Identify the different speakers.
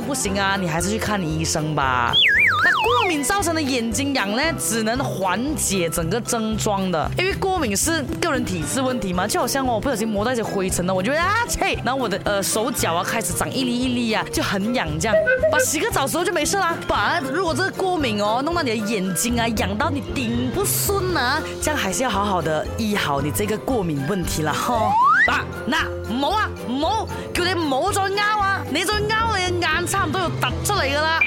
Speaker 1: 不行啊，你還是去看你醫生吧。那過敏造成的眼睛癢呢，只能緩解整個症狀的，因為過敏是個人體質問題嘛。就好像哦，我不小心摸到一些灰塵呢，我就覺得啊，切，然後我的呃手腳啊開始長一粒一粒啊，就很癢這樣。把洗個澡時候就沒事啦。把如果這個過敏哦弄到你的眼睛啊，癢到你頂不順啊，這樣還是要好好的醫好你這個過敏問題了哈。爸，那唔好啊，唔好，叫你唔好再拗啊，你再拗！差唔多要突出嚟噶啦！